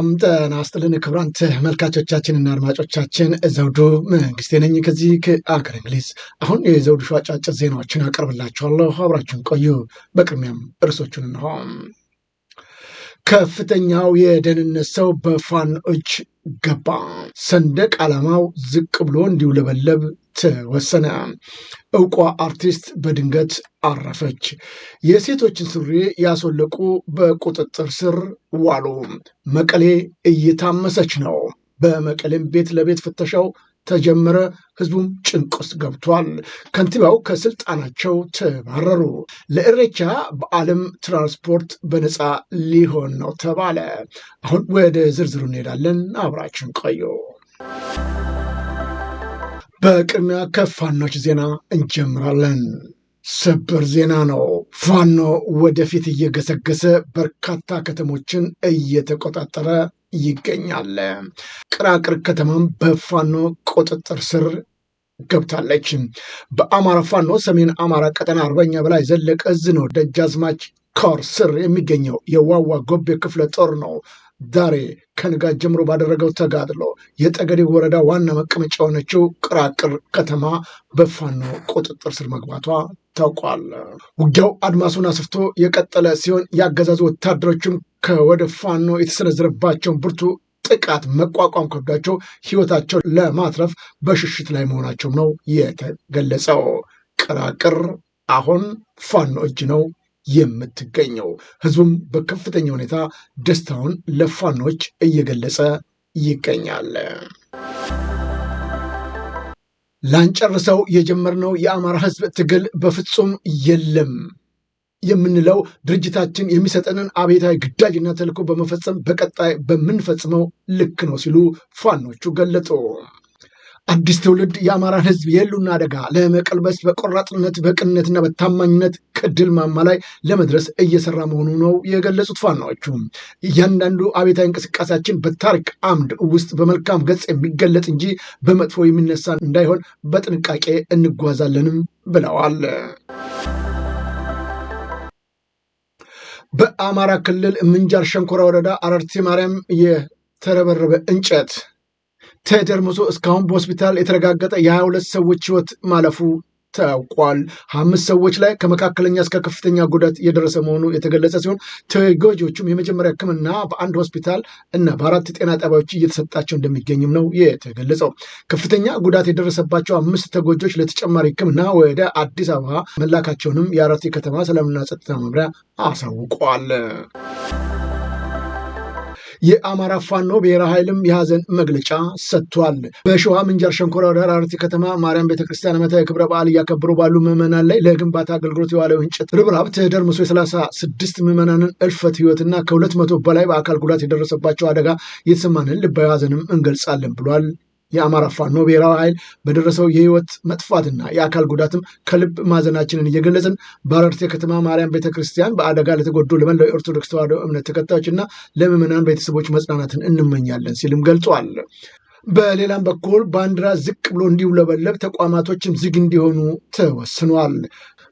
ሰላም ጤና ይስጥልን ክቡራን ተመልካቾቻችንና አድማጮቻችን ዘውዱ መንግስቴ ነኝ ከዚህ ከአገር እንግሊዝ። አሁን የዘውዱ ሾው አጫጭር ዜናዎችን አቀርብላችኋለሁ፣ አብራችሁን ቆዩ። በቅድሚያም እርሶቹን እንሆ። ከፍተኛው የደህንነት ሰው በፋን እጅ ገባ። ሰንደቅ ዓላማው ዝቅ ብሎ እንዲውለበለብ ተወሰነ። እውቋ አርቲስት በድንገት አረፈች። የሴቶችን ሱሪ ያስወለቁ በቁጥጥር ስር ዋሉ። መቀሌ እየታመሰች ነው። በመቀሌም ቤት ለቤት ፍተሻው ተጀመረ። ህዝቡም ጭንቅ ውስጥ ገብቷል። ከንቲባው ከስልጣናቸው ተባረሩ። ለእሬቻ በዓለም ትራንስፖርት በነፃ ሊሆን ነው ተባለ። አሁን ወደ ዝርዝሩ እንሄዳለን። አብራችን ቆዩ። በቅድሚያ ከፋኖች ዜና እንጀምራለን። ሰበር ዜና ነው። ፋኖ ወደፊት እየገሰገሰ በርካታ ከተሞችን እየተቆጣጠረ ይገኛል። ቅራቅር ከተማም በፋኖ ቁጥጥር ስር ገብታለች። በአማራ ፋኖ ሰሜን አማራ ቀጠና አርበኛ በላይ ዘለቀ እዝ ነው ደጃዝማች ኮር ስር የሚገኘው የዋዋ ጎቤ ክፍለ ጦር ነው ዛሬ ከንጋት ጀምሮ ባደረገው ተጋድሎ የጠገዴ ወረዳ ዋና መቀመጫ የሆነችው ቅራቅር ከተማ በፋኖ ቁጥጥር ስር መግባቷ ታውቋል። ውጊያው አድማሱን አስፍቶ የቀጠለ ሲሆን የአገዛዙ ወታደሮችም ከወደ ፋኖ የተሰነዘረባቸውን ብርቱ ጥቃት መቋቋም ከብዷቸው ህይወታቸው ለማትረፍ በሽሽት ላይ መሆናቸው ነው የተገለጸው። ቅራቅር አሁን ፋኖ እጅ ነው የምትገኘው። ህዝቡም በከፍተኛ ሁኔታ ደስታውን ለፋኖች እየገለጸ ይገኛል። ላንጨርሰው የጀመርነው የአማራ ህዝብ ትግል በፍጹም የለም የምንለው ድርጅታችን የሚሰጠንን አቤታዊ ግዳጅና ተልኮ በመፈጸም በቀጣይ በምንፈጽመው ልክ ነው ሲሉ ፋኖቹ ገለጡ። አዲስ ትውልድ የአማራን ህዝብ የህልውና አደጋ ለመቀልበስ በቆራጥነት በቅንነትና በታማኝነት ከድል ማማ ላይ ለመድረስ እየሰራ መሆኑ ነው የገለጹት። ፋናዎቹ እያንዳንዱ አቤታዊ እንቅስቃሴያችን በታሪክ አምድ ውስጥ በመልካም ገጽ የሚገለጽ እንጂ በመጥፎ የሚነሳ እንዳይሆን በጥንቃቄ እንጓዛለንም ብለዋል። በአማራ ክልል ምንጃር ሸንኮራ ወረዳ አረርቲ ማርያም የተረበረበ እንጨት ተደርምሶ እስካሁን በሆስፒታል የተረጋገጠ የ ሁለት ሰዎች ህይወት ማለፉ ታውቋል። አምስት ሰዎች ላይ ከመካከለኛ እስከ ከፍተኛ ጉዳት የደረሰ መሆኑ የተገለጸ ሲሆን ተጎጂዎቹም የመጀመሪያ ሕክምና በአንድ ሆስፒታል እና በአራት ጤና ጣቢያዎች እየተሰጣቸው እንደሚገኝም ነው የተገለጸው። ከፍተኛ ጉዳት የደረሰባቸው አምስት ተጎጂዎች ለተጨማሪ ሕክምና ወደ አዲስ አበባ መላካቸውንም የአራት ከተማ ሰላምና ጸጥታ መምሪያ አሳውቋል። የአማራ ፋኖ ብሔራዊ ኃይልም የሀዘን መግለጫ ሰጥቷል። በሸዋ ምንጃር ሸንኮራ ወደ ሐራርቲ ከተማ ማርያም ቤተክርስቲያን ዓመታዊ ክብረ በዓል እያከበሩ ባሉ ምዕመናን ላይ ለግንባታ አገልግሎት የዋለው እንጨት ርብራብ ተደርምሶ የሰላሳ ስድስት ምዕመናንን እልፈት ህይወትና ከሁለት መቶ በላይ በአካል ጉዳት የደረሰባቸው አደጋ የተሰማንን ልባዊ ሀዘንም እንገልጻለን ብሏል። የአማራ ፋኖ ብሔራዊ ኃይል በደረሰው የህይወት መጥፋትና የአካል ጉዳትም ከልብ ማዘናችንን እየገለጽን በአረርቴ ከተማ ማርያም ቤተክርስቲያን በአደጋ ለተጎዱ ለመላው የኦርቶዶክስ ተዋሕዶ እምነት ተከታዮችና ለምዕመናን ቤተሰቦች መጽናናትን እንመኛለን ሲልም ገልጿል። በሌላም በኩል ባንዲራ ዝቅ ብሎ እንዲውለበለብ ተቋማቶችም ዝግ እንዲሆኑ ተወስኗል።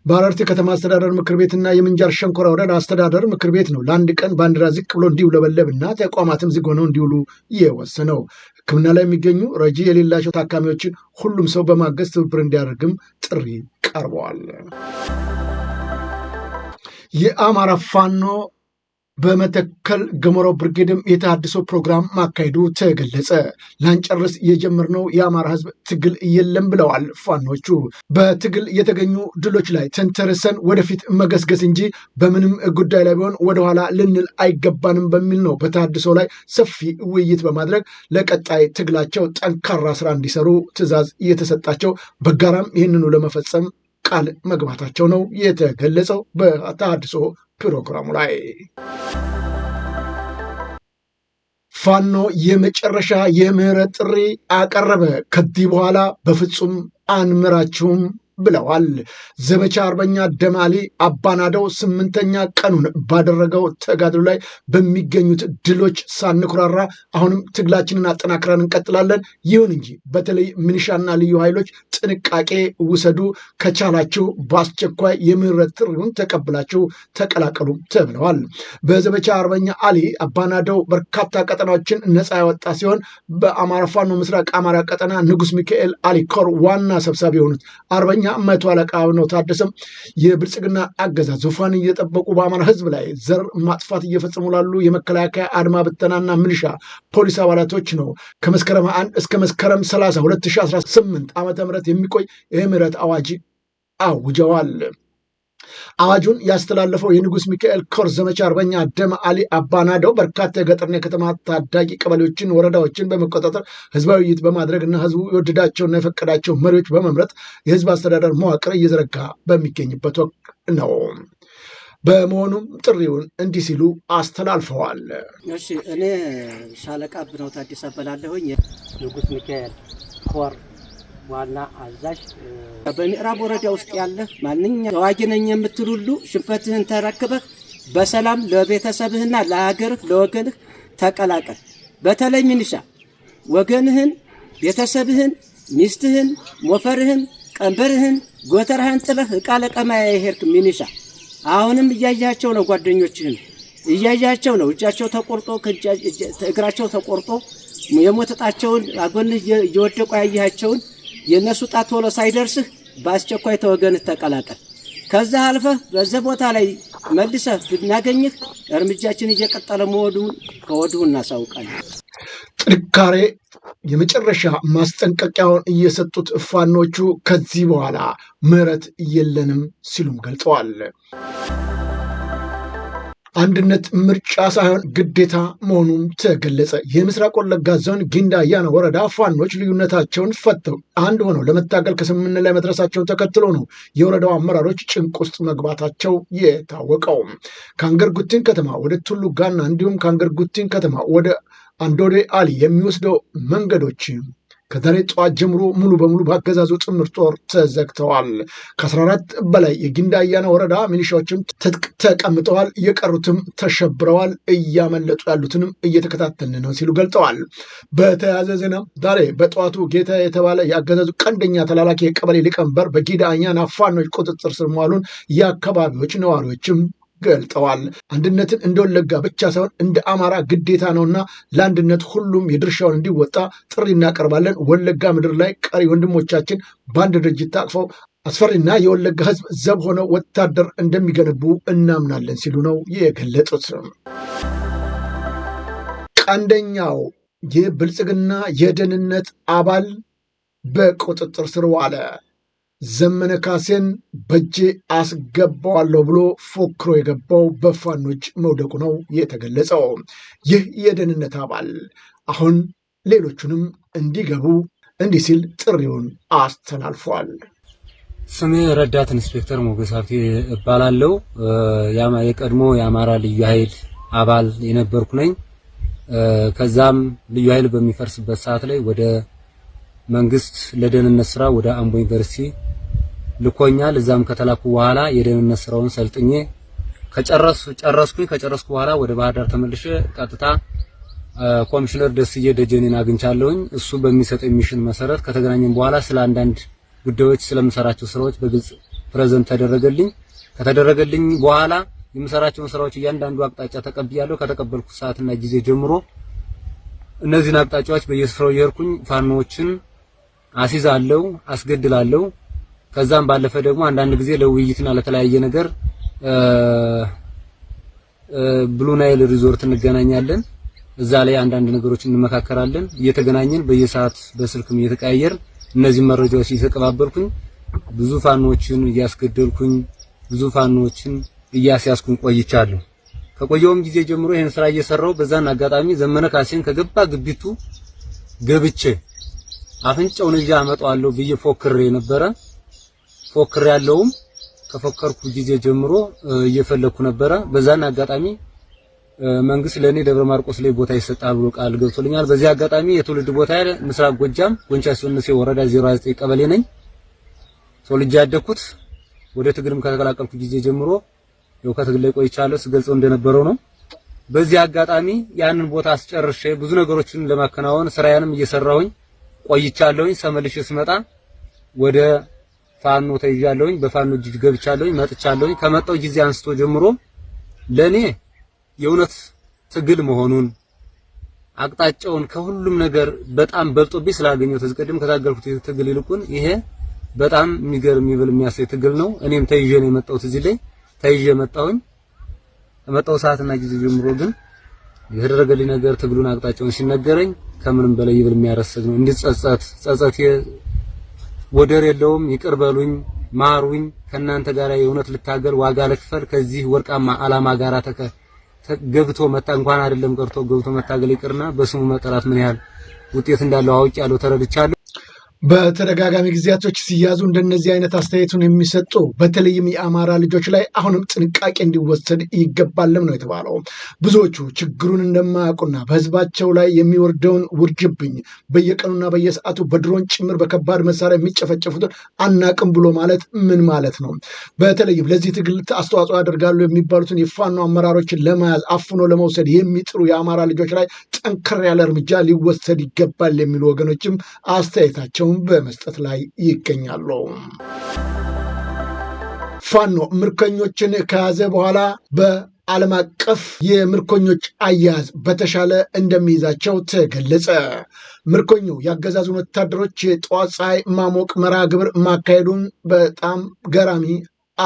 በአረርቲ ከተማ አስተዳደር ምክር ቤትና የምንጃር ሸንኮራ ወረዳ አስተዳደር ምክር ቤት ነው ለአንድ ቀን ባንዲራ ዝቅ ብሎ እንዲውለበለብና ተቋማትም ዝግ ሆነው እንዲውሉ የወሰነው። ሕክምና ላይ የሚገኙ ረጂ የሌላቸው ታካሚዎችን ሁሉም ሰው በማገዝ ትብብር እንዲያደርግም ጥሪ ቀርበዋል። የአማራ ፋኖ በመተከል ገሞሮ ብርጌድም የተሃድሶ ፕሮግራም ማካሄዱ ተገለጸ። ላንጨርስ የጀመርነው የአማራ ህዝብ ትግል የለም ብለዋል ፋኖቹ። በትግል የተገኙ ድሎች ላይ ተንተርሰን ወደፊት መገስገስ እንጂ በምንም ጉዳይ ላይ ቢሆን ወደኋላ ልንል አይገባንም በሚል ነው በተሃድሶ ላይ ሰፊ ውይይት በማድረግ ለቀጣይ ትግላቸው ጠንካራ ስራ እንዲሰሩ ትዕዛዝ እየተሰጣቸው በጋራም ይህንኑ ለመፈጸም ቃል መግባታቸው ነው የተገለጸው በተሃድሶ ፕሮግራሙ ላይ ፋኖ የመጨረሻ የምህረት ጥሪ አቀረበ። ከዚህ በኋላ በፍጹም አንምራችሁም ብለዋል። ዘመቻ አርበኛ ደማሊ አባናደው ስምንተኛ ቀኑን ባደረገው ተጋድሎ ላይ በሚገኙት ድሎች ሳንኩራራ አሁንም ትግላችንን አጠናክረን እንቀጥላለን። ይሁን እንጂ በተለይ ሚኒሻና ልዩ ኃይሎች ጥንቃቄ ውሰዱ፣ ከቻላችሁ በአስቸኳይ የምህረት ጥሪውን ተቀብላችሁ ተቀላቀሉ ተብለዋል። በዘመቻ አርበኛ አሊ አባናደው በርካታ ቀጠናዎችን ነፃ ያወጣ ሲሆን በአማራ ፋኖ ምስራቅ አማራ ቀጠና ንጉስ ሚካኤል አሊ ኮር ዋና ሰብሳቢ የሆኑት አርበኛ መቶ አለቃ አብነው ታደሰም የብልጽግና አገዛዝ ዙፋን እየጠበቁ በአማራ ህዝብ ላይ ዘር ማጥፋት እየፈጸሙ ላሉ የመከላከያ አድማ ብተናና ምልሻ ፖሊስ አባላቶች ነው ከመስከረም አንድ እስከ መስከረም 30 2018 ዓ ም የሚቆይ የምህረት አዋጅ አውጀዋል። አዋጁን ያስተላለፈው የንጉስ ሚካኤል ኮር ዘመቻ አርበኛ ደመ አሊ አባናደው በርካታ የገጠርና የከተማ ታዳጊ ቀበሌዎችን፣ ወረዳዎችን በመቆጣጠር ህዝባዊ ውይይት እና ህዝቡ የወደዳቸውና የፈቀዳቸው መሪዎች በመምረጥ የህዝብ አስተዳደር መዋቅር እየዘረጋ በሚገኝበት ወቅት ነው። በመሆኑም ጥሪውን እንዲህ ሲሉ አስተላልፈዋል። እሺ እኔ ሻለቃ ብነው ታዲስ አበላለሁኝ ንጉስ ሚካኤል ኮር ዋና አዛዥ በምዕራብ ወረዳ ውስጥ ያለ ማንኛ ተዋጊ ነኝ የምትል ሁሉ ሽንፈትህን ተረክበህ በሰላም ለቤተሰብህና ለሀገርህ ለወገንህ ተቀላቀል። በተለይ ሚኒሻ ወገንህን፣ ቤተሰብህን፣ ሚስትህን፣ ሞፈርህን፣ ቀንበርህን፣ ጎተራህን ጥለህ እቃ ለቀማ የሄድክ ሚኒሻ አሁንም እያያቸው ነው። ጓደኞችህን እያያቸው ነው። እጃቸው ተቆርጦ እግራቸው ተቆርጦ የሞተጣቸውን አጎንህ እየወደቁ ያያቸውን የእነሱ ጣት ቶሎ ሳይደርስህ በአስቸኳይ ተወገን ተቀላቀል። ከዛ አልፈህ በዛ ቦታ ላይ መልሰህ ብናገኝህ እርምጃችን እየቀጠለ መሆኑን ከወዲሁ እናሳውቃለን። ጥንካሬ የመጨረሻ ማስጠንቀቂያውን እየሰጡት እፋኖቹ ከዚህ በኋላ ምህረት የለንም ሲሉም ገልጸዋል። አንድነት ምርጫ ሳይሆን ግዴታ መሆኑም ተገለጸ። የምስራቅ ወለጋ ዞን ጊንዳ አያና ወረዳ ፋኖች ልዩነታቸውን ፈተው አንድ ሆነው ለመታገል ከስምምነት ላይ መድረሳቸውን ተከትሎ ነው የወረዳው አመራሮች ጭንቅ ውስጥ መግባታቸው የታወቀው። ከአንገር ጉቲን ከተማ ወደ ቱሉ ጋና እንዲሁም ከአንገር ጉቲን ከተማ ወደ አንዶዴ አሊ የሚወስደው መንገዶች ከዛሬ ጠዋት ጀምሮ ሙሉ በሙሉ በአገዛዙ ጥምር ጦር ተዘግተዋል። ከ14 በላይ የጊንዳ አያና ወረዳ ሚሊሻዎችም ትጥቅ ተቀምጠዋል፣ የቀሩትም ተሸብረዋል፣ እያመለጡ ያሉትንም እየተከታተልን ነው ሲሉ ገልጠዋል። በተያያዘ ዜና ዛሬ በጠዋቱ ጌታ የተባለ የአገዛዙ ቀንደኛ ተላላኪ የቀበሌ ሊቀመንበር በጊዳ አያና ፋኖች ቁጥጥር ስር መዋሉን የአካባቢዎች ነዋሪዎችም ገልጠዋል። አንድነትን እንደ ወለጋ ብቻ ሳይሆን እንደ አማራ ግዴታ ነውና ለአንድነት ሁሉም የድርሻውን እንዲወጣ ጥሪ እናቀርባለን። ወለጋ ምድር ላይ ቀሪ ወንድሞቻችን በአንድ ድርጅት ታቅፈው አስፈሪና የወለጋ ህዝብ ዘብ ሆነው ወታደር እንደሚገነቡ እናምናለን ሲሉ ነው የገለጹት። ቀንደኛው የብልጽግና የደህንነት አባል በቁጥጥር ስር ዋለ። ዘመነ ካሴን በእጄ አስገባዋለሁ ብሎ ፎክሮ የገባው በፋኖች መውደቁ ነው የተገለጸው። ይህ የደህንነት አባል አሁን ሌሎቹንም እንዲገቡ እንዲህ ሲል ጥሪውን አስተላልፏል። ስሜ ረዳት ኢንስፔክተር ሞገስ ሀብቴ እባላለሁ። የቀድሞ የአማራ ልዩ ኃይል አባል የነበርኩ ነኝ። ከዛም ልዩ ኃይል በሚፈርስበት ሰዓት ላይ ወደ መንግስት ለደህንነት ስራ ወደ አምቦ ዩኒቨርሲቲ ልኮኛል። እዛም ከተላኩ በኋላ የደህንነት ስራውን ሰልጥኜ ከጨረስኩ ጨረስኩኝ። ከጨረስኩ በኋላ ወደ ባህር ዳር ተመልሼ ቀጥታ ኮሚሽነር ደስዬ ደጀኔን አግኝቻለሁኝ። እሱ በሚሰጠኝ ሚሽን መሰረት ከተገናኘን በኋላ ስለ አንዳንድ ጉዳዮች ስለምሰራቸው ስራዎች በግልጽ ፕሬዘንት ተደረገልኝ። ከተደረገልኝ በኋላ የምሰራቸውን ስራዎች እያንዳንዱ አቅጣጫ ተቀብያለሁ። ከተቀበልኩ ሰዓትና ጊዜ ጀምሮ እነዚህን አቅጣጫዎች በየስፍራው የርኩኝ ፋኖዎችን አስይዛለሁ፣ አስገድላለሁ። ከዛም ባለፈ ደግሞ አንዳንድ ጊዜ ለውይይትና ለተለያየ ነገር ብሉ ናይል ሪዞርት እንገናኛለን። እዛ ላይ አንዳንድ ነገሮች እንመካከራለን። እየተገናኘን በየሰዓት በስልክም እየተቀያየር እነዚህ መረጃዎች እየተቀባበልኩኝ ብዙ ፋኖችን እያስገደልኩኝ ብዙ ፋኖችን እያስያዝኩኝ ቆይቻለሁ። ከቆየውም ጊዜ ጀምሮ ይህን ስራ እየሰራው በዛን አጋጣሚ ዘመነ ካሴን ከገባ ግቢቱ ገብቼ አፍንጫውን ይዤ አመጣዋለሁ ብዬ ፎክሬ ነበረ። ፎክር ያለውም ከፎከርኩ ጊዜ ጀምሮ እየፈለኩ ነበረ። በዛን አጋጣሚ መንግስት ለኔ ደብረ ማርቆስ ላይ ቦታ ይሰጣል ብሎ ቃል ገብቶልኛል። በዚህ አጋጣሚ የትውልድ ቦታ ምስራቅ ጎጃም ጎንቻ ሱንሴ ወረዳ 09 ቀበሌ ነኝ። ተወልጄ ያደኩት ወደ ትግልም ከተቀላቀልኩ ጊዜ ጀምሮ ያው ከትግል ላይ ቆይቻለሁ ስገልጸው እንደነበረው ነው። በዚህ አጋጣሚ ያንን ቦታ አስጨርሼ ብዙ ነገሮችን ለማከናወን ስራዬንም እየሰራሁኝ ቆይቻለሁኝ። ሰመልሼ ስመጣ ወደ ፋኖ ተይዣለሁኝ፣ በፋኖ እጅ ገብቻለሁኝ፣ መጥቻለሁኝ። ከመጣው ጊዜ አንስቶ ጀምሮ ለኔ የእውነት ትግል መሆኑን አቅጣጫውን ከሁሉም ነገር በጣም በልጦብኝ ስላገኘሁት እዚህ ቀደም ከታገልኩት ትግል ይልቁን ይሄ በጣም የሚገርም ይብል የሚያሳይ ትግል ነው። እኔም ተይዤ ነው የመጣሁት። እዚህ ላይ ተይዤ መጣሁኝ። ከመጣሁ ሰዓትና ጊዜ ጀምሮ ግን የተደረገልኝ ነገር ትግሉን አቅጣጫውን ሲነገረኝ ከምንም በላይ ይብል የሚያረሰግ ነው። እንዲጸጸት ጸጸት ወደር የለውም። ይቅር በሉኝ፣ ማሩኝ፣ ከእናንተ ጋር የእውነት ልታገል፣ ዋጋ ልክፈል፣ ከዚህ ወርቃማ አላማ ጋር ገብቶ መታ እንኳን አይደለም ቀርቶ ገብቶ መታገል ይቅርና በስሙ መጠራት ምን ያህል ውጤት እንዳለው አውቄያለሁ፣ ተረድቻለሁ። በተደጋጋሚ ጊዜያቶች ሲያዙ እንደነዚህ አይነት አስተያየቱን የሚሰጡ በተለይም የአማራ ልጆች ላይ አሁንም ጥንቃቄ እንዲወሰድ ይገባልም ነው የተባለው። ብዙዎቹ ችግሩን እንደማያውቁና በህዝባቸው ላይ የሚወርደውን ውርጅብኝ በየቀኑና በየሰዓቱ በድሮን ጭምር በከባድ መሳሪያ የሚጨፈጨፉትን አናቅም ብሎ ማለት ምን ማለት ነው? በተለይም ለዚህ ትግል አስተዋጽኦ ያደርጋሉ የሚባሉትን የፋኖ አመራሮችን ለመያዝ አፍኖ ለመውሰድ የሚጥሩ የአማራ ልጆች ላይ ጠንከር ያለ እርምጃ ሊወሰድ ይገባል የሚሉ ወገኖችም አስተያየታቸው። በመስጠት ላይ ይገኛሉ። ፋኖ ምርኮኞችን ከያዘ በኋላ በዓለም አቀፍ የምርኮኞች አያያዝ በተሻለ እንደሚይዛቸው ተገለጸ። ምርኮኙ የአገዛዙን ወታደሮች የጠዋት ፀሐይ ማሞቅ መርሃ ግብር ማካሄዱን በጣም ገራሚ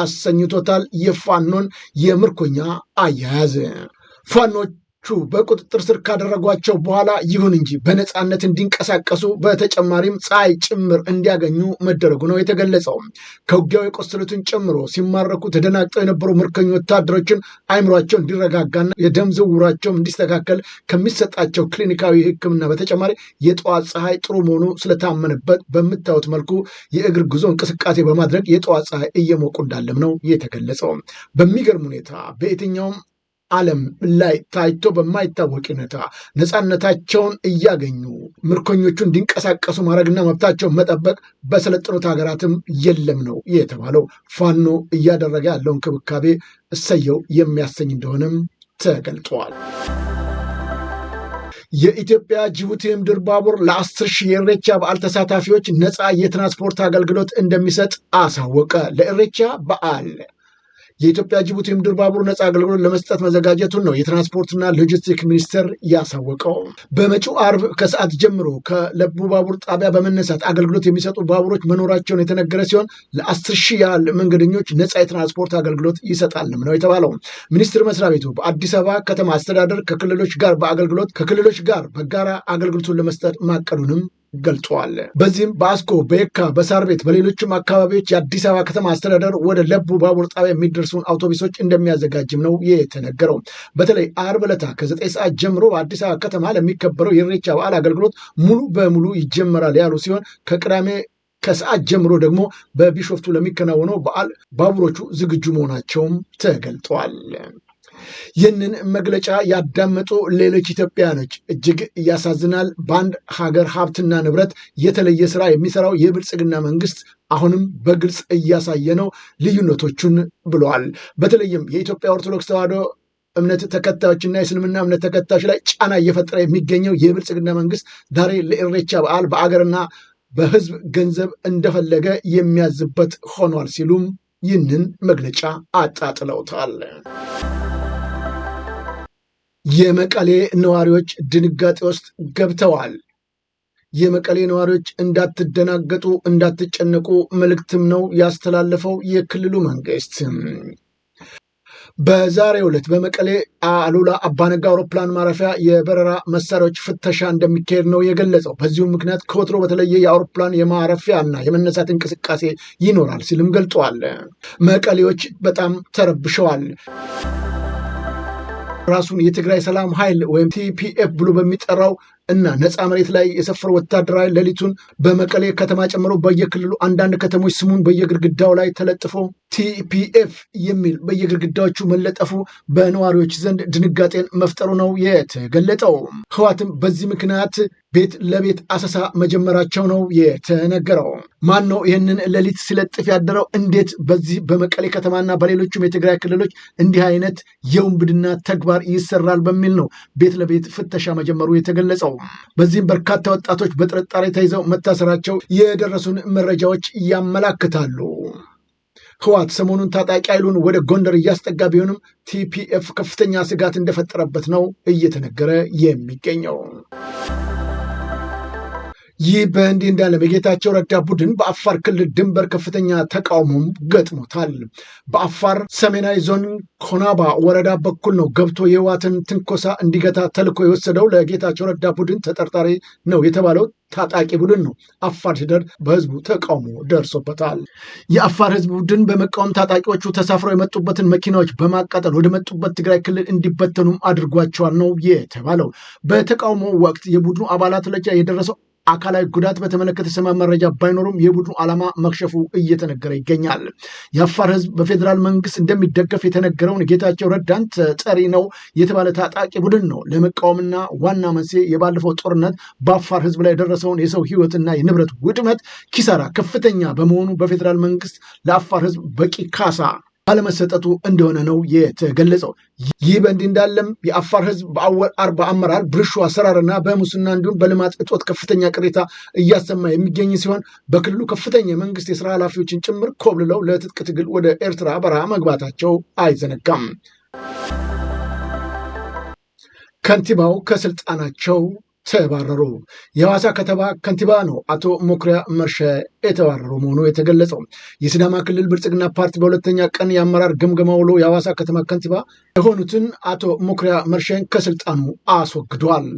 አሰኝቶታል። የፋኖን የምርኮኛ አያያዝ ፋኖች በቁጥጥር ስር ካደረጓቸው በኋላ ይሁን እንጂ በነፃነት እንዲንቀሳቀሱ በተጨማሪም ፀሐይ ጭምር እንዲያገኙ መደረጉ ነው የተገለጸው። ከውጊያው የቆሰሉትን ጨምሮ ሲማረኩ ተደናግጠው የነበሩ ምርኮኛ ወታደሮችን አይምሯቸው እንዲረጋጋና የደም እንዲስተካከል ከሚሰጣቸው ክሊኒካዊ ሕክምና በተጨማሪ የጠዋት ፀሐይ ጥሩ መሆኑ ስለታመነበት በምታዩት መልኩ የእግር ጉዞ እንቅስቃሴ በማድረግ የጠዋት ፀሐይ እየሞቁ እንዳለም ነው የተገለጸው። በሚገርም ሁኔታ በየትኛውም ዓለም ላይ ታይቶ በማይታወቅ ሁኔታ ነፃነታቸውን እያገኙ ምርኮኞቹ እንዲንቀሳቀሱ ማድረግና መብታቸውን መጠበቅ በሰለጠኑት ሀገራትም የለም ነው የተባለው። ፋኖ እያደረገ ያለው እንክብካቤ እሰየው የሚያሰኝ እንደሆነም ተገልጠዋል። የኢትዮጵያ ጅቡቲ ምድር ባቡር ለአስር ሺህ የእሬቻ በዓል ተሳታፊዎች ነፃ የትራንስፖርት አገልግሎት እንደሚሰጥ አሳወቀ። ለእሬቻ በዓል የኢትዮጵያ ጅቡቲ ምድር ባቡር ነፃ አገልግሎት ለመስጠት መዘጋጀቱን ነው የትራንስፖርትና ሎጂስቲክ ሚኒስቴር ያሳወቀው። በመጪው አርብ ከሰዓት ጀምሮ ከለቡ ባቡር ጣቢያ በመነሳት አገልግሎት የሚሰጡ ባቡሮች መኖራቸውን የተነገረ ሲሆን ለአስር ሺህ ያህል መንገደኞች ነፃ የትራንስፖርት አገልግሎት ይሰጣልም ነው የተባለው። ሚኒስቴር መስሪያ ቤቱ በአዲስ አበባ ከተማ አስተዳደር ከክልሎች ጋር በአገልግሎት ከክልሎች ጋር በጋራ አገልግሎቱን ለመስጠት ማቀዱንም ገልጸዋል። በዚህም በአስኮ፣ በየካ፣ በሳር ቤት በሌሎችም አካባቢዎች የአዲስ አበባ ከተማ አስተዳደር ወደ ለቡ ባቡር ጣቢያ የሚደርሱን አውቶቡሶች እንደሚያዘጋጅም ነው የተነገረው። በተለይ አርብ ለታ ከዘጠኝ ሰዓት ጀምሮ በአዲስ አበባ ከተማ ለሚከበረው የኢሬቻ በዓል አገልግሎት ሙሉ በሙሉ ይጀመራል ያሉ ሲሆን ከቅዳሜ ከሰዓት ጀምሮ ደግሞ በቢሾፍቱ ለሚከናወነው በዓል ባቡሮቹ ዝግጁ መሆናቸውም ተገልጠዋል። ይህንን መግለጫ ያዳመጡ ሌሎች ኢትዮጵያውያኖች እጅግ ያሳዝናል፣ በአንድ ሀገር ሀብትና ንብረት የተለየ ስራ የሚሰራው የብልጽግና መንግስት አሁንም በግልጽ እያሳየ ነው ልዩነቶቹን ብለዋል። በተለይም የኢትዮጵያ ኦርቶዶክስ ተዋህዶ እምነት ተከታዮችና የእስልምና እምነት ተከታዮች ላይ ጫና እየፈጠረ የሚገኘው የብልጽግና መንግስት ዛሬ ለኢሬቻ በዓል በአገርና በህዝብ ገንዘብ እንደፈለገ የሚያዝበት ሆኗል ሲሉም ይህንን መግለጫ አጣጥለውታል። የመቀሌ ነዋሪዎች ድንጋጤ ውስጥ ገብተዋል። የመቀሌ ነዋሪዎች እንዳትደናገጡ፣ እንዳትጨነቁ መልእክትም ነው ያስተላለፈው የክልሉ መንግስት። በዛሬ ዕለት በመቀሌ አሉላ አባነጋ አውሮፕላን ማረፊያ የበረራ መሳሪያዎች ፍተሻ እንደሚካሄድ ነው የገለጸው። በዚሁም ምክንያት ከወትሮ በተለየ የአውሮፕላን የማረፊያ እና የመነሳት እንቅስቃሴ ይኖራል ሲልም ገልጸዋል። መቀሌዎች በጣም ተረብሸዋል። ራሱን የትግራይ ሰላም ኃይል ወይም ቲፒኤፍ ብሎ በሚጠራው እና ነፃ መሬት ላይ የሰፈሩ ወታደራዊ ሌሊቱን በመቀሌ ከተማ ጨምሮ በየክልሉ አንዳንድ ከተሞች ስሙን በየግድግዳው ላይ ተለጥፎ ቲፒኤፍ የሚል በየግድግዳዎቹ መለጠፉ በነዋሪዎች ዘንድ ድንጋጤን መፍጠሩ ነው የተገለጠው። ህዋትም በዚህ ምክንያት ቤት ለቤት አሰሳ መጀመራቸው ነው የተነገረው። ማን ነው ይህንን ሌሊት ሲለጥፍ ያደረው? እንዴት በዚህ በመቀሌ ከተማና በሌሎችም የትግራይ ክልሎች እንዲህ አይነት የውንብድና ተግባር ይሰራል? በሚል ነው ቤት ለቤት ፍተሻ መጀመሩ የተገለጸው። በዚህም በርካታ ወጣቶች በጥርጣሬ ተይዘው መታሰራቸው የደረሱን መረጃዎች ያመላክታሉ። ህዋት ሰሞኑን ታጣቂ ኃይሉን ወደ ጎንደር እያስጠጋ ቢሆንም ቲፒኤፍ ከፍተኛ ስጋት እንደፈጠረበት ነው እየተነገረ የሚገኘው። ይህ በእንዲህ እንዳለ በጌታቸው ረዳ ቡድን በአፋር ክልል ድንበር ከፍተኛ ተቃውሞም ገጥሞታል። በአፋር ሰሜናዊ ዞን ኮናባ ወረዳ በኩል ነው ገብቶ የህዋትን ትንኮሳ እንዲገታ ተልኮ የወሰደው ለጌታቸው ረዳ ቡድን ተጠርጣሪ ነው የተባለው ታጣቂ ቡድን ነው። አፋር ሲደር በህዝቡ ተቃውሞ ደርሶበታል። የአፋር ህዝብ ቡድን በመቃወም ታጣቂዎቹ ተሳፍረው የመጡበትን መኪናዎች በማቃጠል ወደ መጡበት ትግራይ ክልል እንዲበተኑም አድርጓቸዋል ነው የተባለው። በተቃውሞ ወቅት የቡድኑ አባላት ለጃ የደረሰው አካላዊ ጉዳት በተመለከተ ሰማ መረጃ ባይኖሩም የቡድኑ ዓላማ መክሸፉ እየተነገረ ይገኛል። የአፋር ህዝብ በፌዴራል መንግስት እንደሚደገፍ የተነገረውን ጌታቸው ረዳንት ተጠሪ ነው የተባለ ታጣቂ ቡድን ነው ለመቃወምና ዋና መንስኤ የባለፈው ጦርነት በአፋር ህዝብ ላይ የደረሰውን የሰው ህይወትና የንብረት ውድመት ኪሳራ ከፍተኛ በመሆኑ በፌዴራል መንግስት ለአፋር ህዝብ በቂ ካሳ አለመሰጠቱ እንደሆነ ነው የተገለጸው። ይህ በእንዲህ እንዳለም የአፋር ህዝብ በአመራር ብልሹ አሰራርና በሙስና እንዲሁም በልማት እጦት ከፍተኛ ቅሬታ እያሰማ የሚገኝ ሲሆን በክልሉ ከፍተኛ የመንግስት የስራ ኃላፊዎችን ጭምር ኮብልለው ለትጥቅ ትግል ወደ ኤርትራ በረሃ መግባታቸው አይዘነጋም። ከንቲባው ከስልጣናቸው ተባረሩ። የሐዋሳ ከተማ ከንቲባ ነው አቶ ሞኩሪያ መርሸ የተባረሩ መሆኑ የተገለጸው። የሲዳማ ክልል ብልጽግና ፓርቲ በሁለተኛ ቀን የአመራር ግምገማ ውሎ የሐዋሳ ከተማ ከንቲባ የሆኑትን አቶ ሞኩሪያ መርሸን ከስልጣኑ አስወግዷል።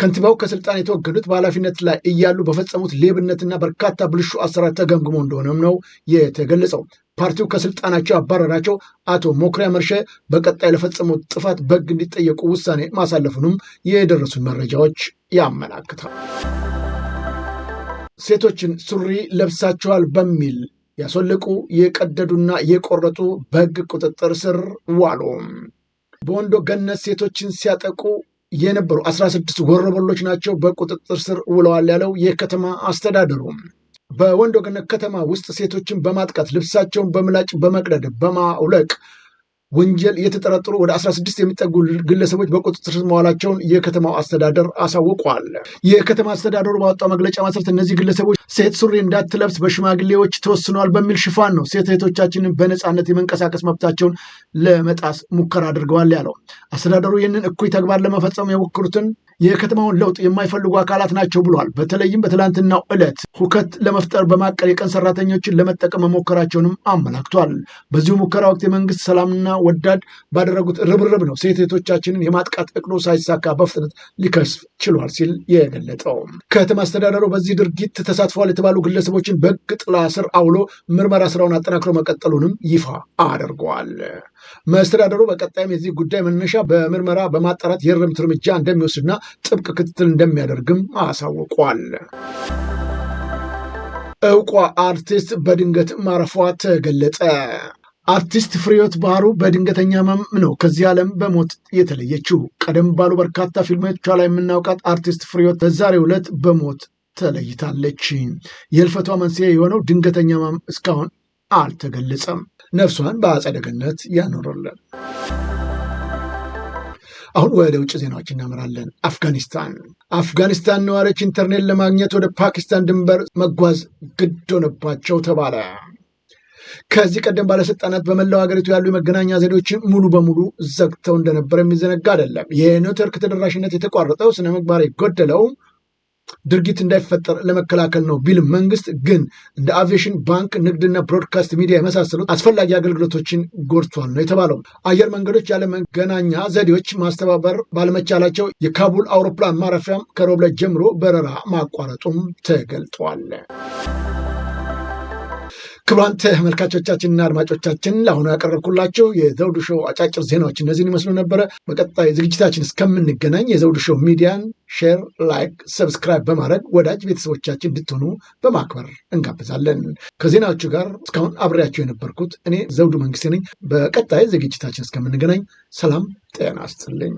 ከንቲባው ከስልጣን የተወገዱት በኃላፊነት ላይ እያሉ በፈጸሙት ሌብነትና በርካታ ብልሹ አሰራር ተገምግሞ እንደሆነም ነው የተገለጸው። ፓርቲው ከስልጣናቸው ያባረራቸው አቶ ሞክሪያ መርሸ በቀጣይ ለፈጸሙት ጥፋት በሕግ እንዲጠየቁ ውሳኔ ማሳለፉንም የደረሱን መረጃዎች ያመላክታል። ሴቶችን ሱሪ ለብሳቸዋል በሚል ያስወለቁ የቀደዱና የቆረጡ በሕግ ቁጥጥር ስር ዋሉ። በወንዶ ገነት ሴቶችን ሲያጠቁ የነበሩ 16 ወሮበሎች ናቸው በቁጥጥር ስር ውለዋል ያለው የከተማ አስተዳደሩ በወንዶ ገነት ከተማ ውስጥ ሴቶችን በማጥቃት ልብሳቸውን በምላጭ በመቅደድ በማውለቅ ወንጀል የተጠረጠሩ ወደ 16 የሚጠጉ ግለሰቦች በቁጥጥር ስር መዋላቸውን የከተማው አስተዳደር አሳውቋል። የከተማ አስተዳደሩ ባወጣው መግለጫ መሰረት እነዚህ ግለሰቦች ሴት ሱሪ እንዳትለብስ በሽማግሌዎች ተወስኗል በሚል ሽፋን ነው ሴት እህቶቻችንን በነፃነት የመንቀሳቀስ መብታቸውን ለመጣስ ሙከራ አድርገዋል ያለው አስተዳደሩ ይህንን እኩይ ተግባር ለመፈጸም የሞከሩትን የከተማውን ለውጥ የማይፈልጉ አካላት ናቸው ብሏል። በተለይም በትላንትናው ዕለት ሁከት ለመፍጠር በማቀድ የቀን ሰራተኞችን ለመጠቀም መሞከራቸውንም አመላክቷል። በዚሁ ሙከራ ወቅት የመንግስት ሰላምና ወዳድ ባደረጉት ርብርብ ነው ሴት የማጥቃት እቅዶ ሳይሳካ በፍጥነት ሊከስፍ ችሏል ሲል የገለጠው ከተማ አስተዳደሩ በዚህ ድርጊት ተሳትፈዋል የተባሉ ግለሰቦችን በሕግ ጥላ ስር አውሎ ምርመራ ስራውን አጠናክሮ መቀጠሉንም ይፋ አድርገዋል። መስተዳደሩ በቀጣይም የዚህ ጉዳይ መነሻ በምርመራ በማጣራት የእርምት እርምጃ እንደሚወስድና ጥብቅ ክትትል እንደሚያደርግም አሳውቋል። እውቋ አርቲስት በድንገት ማረፏ ተገለጠ። አርቲስት ፍሬህይወት ባህሩ በድንገተኛ ህመም ነው ከዚህ ዓለም በሞት የተለየችው። ቀደም ባሉ በርካታ ፊልሞቿ ላይ የምናውቃት አርቲስት ፍሬህይወት በዛሬው ዕለት በሞት ተለይታለች። የህልፈቷ መንስኤ የሆነው ድንገተኛ ህመም እስካሁን አልተገለጸም። ነፍሷን በአጸደ ገነት ያኖረለን። አሁን ወደ ውጭ ዜናዎች እናምራለን። አፍጋኒስታን አፍጋኒስታን ነዋሪዎች ኢንተርኔት ለማግኘት ወደ ፓኪስታን ድንበር መጓዝ ግድ ሆነባቸው ተባለ። ከዚህ ቀደም ባለስልጣናት በመላው ሀገሪቱ ያሉ የመገናኛ ዘዴዎችን ሙሉ በሙሉ ዘግተው እንደነበር የሚዘነጋ አይደለም። የኔትወርክ ተደራሽነት የተቋረጠው ስነ ምግባር የጎደለው ድርጊት እንዳይፈጠር ለመከላከል ነው ቢልም መንግስት ግን እንደ አቪዬሽን፣ ባንክ፣ ንግድና ብሮድካስት ሚዲያ የመሳሰሉት አስፈላጊ አገልግሎቶችን ጎድቷል ነው የተባለው። አየር መንገዶች ያለ መገናኛ ዘዴዎች ማስተባበር ባለመቻላቸው የካቡል አውሮፕላን ማረፊያም ከሮብለት ጀምሮ በረራ ማቋረጡም ተገልጧል። ክቡራን ተመልካቾቻችንና አድማጮቻችን ለአሁኑ ያቀረብኩላችሁ የዘውዱ ሾው አጫጭር ዜናዎች እነዚህን ይመስሉ ነበረ። በቀጣይ ዝግጅታችን እስከምንገናኝ የዘውዱ ሾው ሚዲያን ሼር፣ ላይክ፣ ሰብስክራይብ በማድረግ ወዳጅ ቤተሰቦቻችን እንድትሆኑ በማክበር እንጋብዛለን። ከዜናዎቹ ጋር እስካሁን አብሬያቸው የነበርኩት እኔ ዘውዱ መንግስቴ ነኝ። በቀጣይ ዝግጅታችን እስከምንገናኝ ሰላም ጤና ይስጥልኝ።